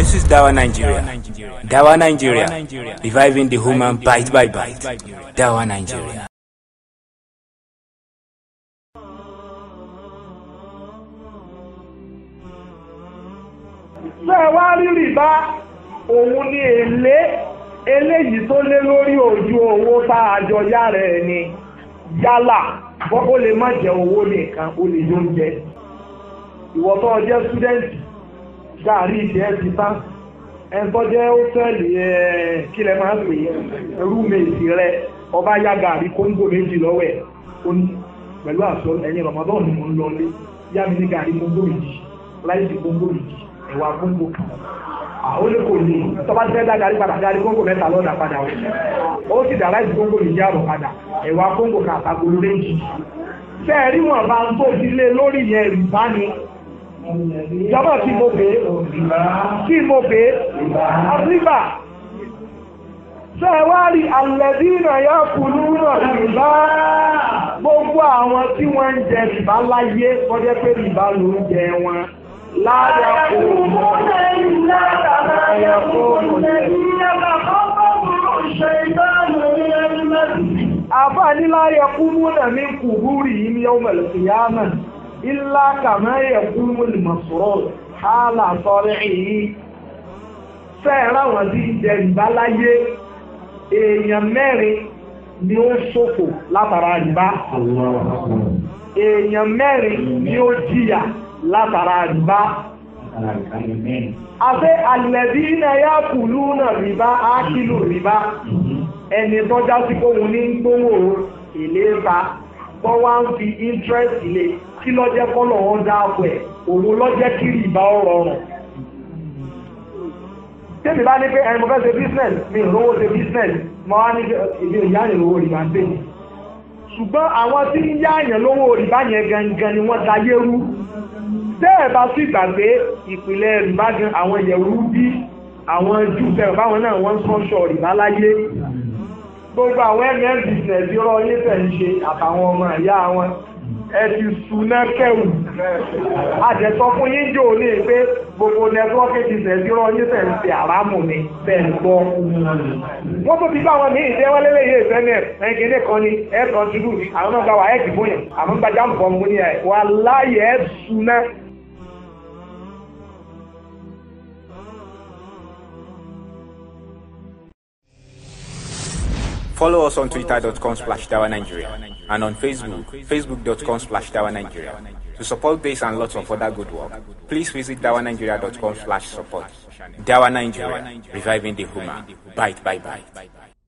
This is Dawa Nigeria. Dawa Nigeria. Reviving the human bite by bite. Dawa Nigeria. Ṣé ẹ wá rí rìbá òun ni èlé eléyìí tó lé lórí ojú owó tá a jọ yára ẹ ni yálà bọ́ ó lè má jẹ owó nìkan ó lè yóò jẹ. Ìwọ tó jẹ́ súdẹ́ǹtì gàárì ìjẹ́ ti tán ẹ̀ńtọ́jẹ́ ó fẹ́ẹ̀lì ẹ̀ kí lẹ máa ń pè é rúmèètì rẹ ọba yá gàárì kóńgò méjì lọ́wọ́ ẹ̀ ó ní pẹ̀lú àṣọ ẹ̀yìn ramadan ni mo ń lọ lé yá mi ní gàárì kóńgò méjì láìsí kóńgò méjì ẹ̀wà kóńgò kan àwọn olùkọ́ ni tọ́ba ti fẹ́ dá gàárì padà gàárì kóńgò mẹ́ta lọ́dà padà ó sì dá láìsí kóńgò méjì àrò padà ẹ̀wà kóńgò kan àtàkùn lórí jọba tí mo pè tí mo pè àríbà sẹ́wárí àlẹ́dínà yá kùnú náà rìbá gbogbo àwọn tí wọ́n ń jẹ rìbá láyé wọ́n jẹ́ pé rìbá ló ń jẹ wọn láyà kùnú láyà kùnú àbá níláyà kùnú náà ní kùbúrì yìí ní ọmọ ìlú ìyá náà ilá kàmá ẹ̀kú mọ̀sọ̀rọ̀ hálà sọ́rẹ́ èyí fẹ́ẹ̀rẹ́ àwọn tí jẹ ìgbà láyé èèyàn mẹ́rin ni ó ṣòfò látara ìbá èèyàn mẹ́rin ni ó jìyà látara ìbá àti àlẹ́bí náà yá kùlú náà rìbá ákìlù rìbá ẹni tọ́já sí kóhun ní gbówó èlé ta wọ́n wá ń fi interest lé kí lọ́jẹ́ kọ́nà wọn dáàbò ẹ̀ òun lọ́jẹ́ kí rìbá ọ̀rọ̀ rùn. tẹ́mi bá ní pé ẹni mo fẹ́ ṣe business mi ìrówó ṣe business mo wá ní èdè ìyáàyàn lówó rìbá ń pè mí. ṣùgbọ́n àwọn tí ń yáàyàn lówó rìbá yẹn gangan ni wọ́n dayé rú. tẹ́ ẹ̀ bá sì gbàgbé ìpìlẹ̀ rìbá gan àwọn ìyẹ̀wù bí àwọn jù bẹ̀rẹ̀ báwọn náà wọ́n ń sọ́ṣọ́ rìbá láyé gbogbo àwọn mm business rọ yín tẹ̀ ń ṣe àtàwọn ọmọ ìyá wọn ẹ ti suná kẹwù àjẹsọ fún yín jò ní pé gbogbo nẹtíwọ́kì business rọ yín tẹ̀ ń ṣe àrámù ni tẹ̀ ń wọ́n tó ti bá àwọn míì jẹ́ wọ́n lélẹ́yìn ìfẹ́ náà ẹ̀yìn kìíní kan ni ẹ̀ kan ti rú àwọn náà gba wàhálà ìdìbò yẹn àwọn gbajà mú ni ẹ̀ wà láyé ẹ̀ suná Follow us on twitter.com slash Nigeria and on Facebook, facebook.com slash Nigeria. To support this and lots of other good work, please visit dawanigeria.com slash support. Dawa Nigeria, reviving the human. Bite, bye, bye.